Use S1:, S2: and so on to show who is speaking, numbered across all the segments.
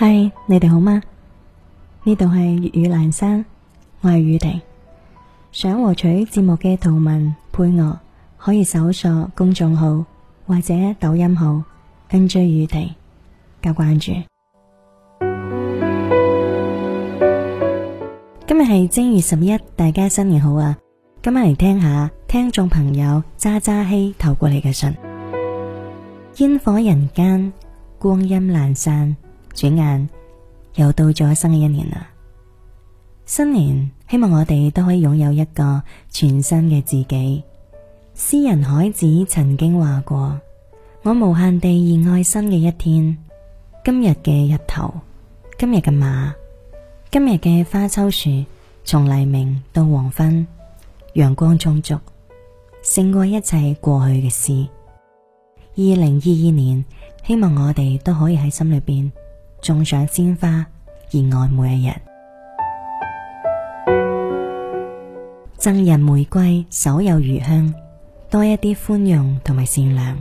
S1: 嗨，你哋好嗎？呢度係粵語闌珊，我係雨婷。想獲取節目嘅圖文配樂，可以搜索公眾號或者抖音號 NJ 雨婷加關注。今日係正月十一，大家新年好啊！今晚嚟聽下聽眾朋友渣渣希投過嚟嘅信。煙火人間，光陰闌珊。轉眼又到咗新嘅一年啦！新年希望我哋都可以擁有一個全新嘅自己。詩人海子曾經話過：我無限地熱愛新嘅一天，今日嘅日頭，今日嘅馬，今日嘅花秋樹，從黎明到黃昏，陽光充足，勝過一切過去嘅事。二零二二年，希望我哋都可以喺心裏邊，種上鮮花，熱愛每一日。人。贈人玫瑰，手有餘香。多一啲寬容同埋善良，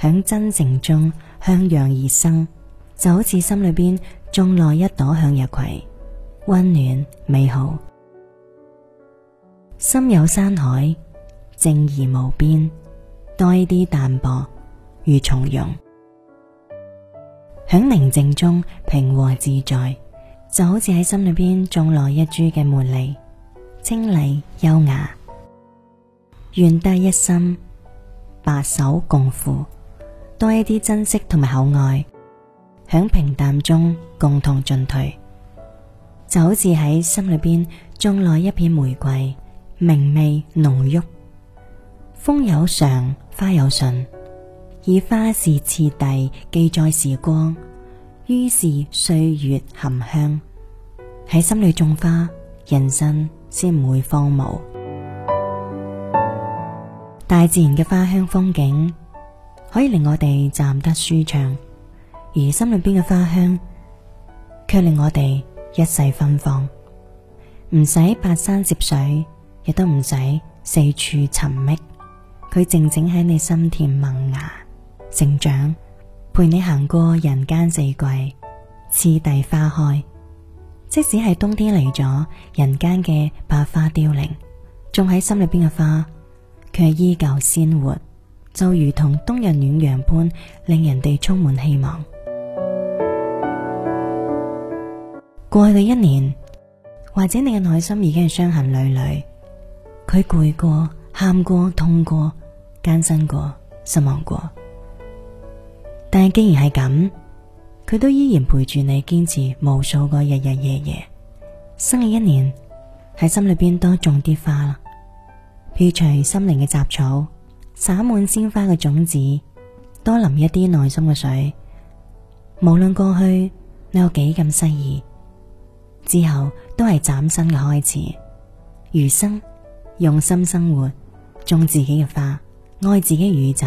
S1: 響真誠中向陽而生，就好似心裏邊種落一朵向日葵，溫暖美好。心有山海，靜而無邊。多一啲淡薄，如從容。響寧靜中平和自在，就好似喺心裏邊種落一株嘅茉莉，清麗優雅；願得一心，白首共赴，多一啲珍惜同埋厚愛，響平淡中共同進退，就好似喺心裏邊種落一片玫瑰，明媚濃郁。風有常，花有順。以花事次第記載時光，於是歲月含香，喺心裏種花，人生先唔會荒蕪。大自然嘅花香風景可以令我哋站得舒暢，而心裏邊嘅花香卻令我哋一世芬芳。唔使跋山涉水，亦都唔使四處尋覓，佢靜靜喺你心田萌芽。成長陪你行過人間四季，次第花開。即使係冬天嚟咗，人間嘅百花凋零，種喺心裏邊嘅花，卻係依舊鮮活。就如同冬日暖陽般，令人哋充滿希望。過去嘅一年，或者你嘅內心已經係傷痕累累，佢攰過、喊過、痛過、艱辛過、失望過。但係既然係咁，佢都依然陪住你堅持無數個日日夜夜。新嘅一年，喺心裏邊多種啲花啦，撇除心靈嘅雜草，灑滿鮮花嘅種子，多淋一啲內心嘅水。無論過去你有幾咁失意，之後都係嶄新嘅開始。餘生用心生活，種自己嘅花，愛自己嘅宇宙。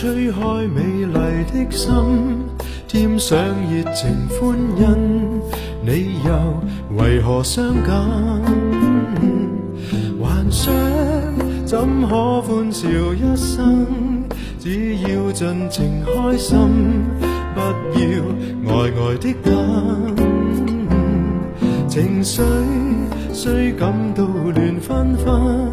S2: 吹開美麗的心，添上熱情歡欣，你又為何傷感？幻想怎可歡笑一生？只要盡情開心，不要呆呆的等。情緒雖感到亂紛紛。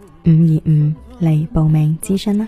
S1: 五二
S2: 五嚟報名諮詢啦！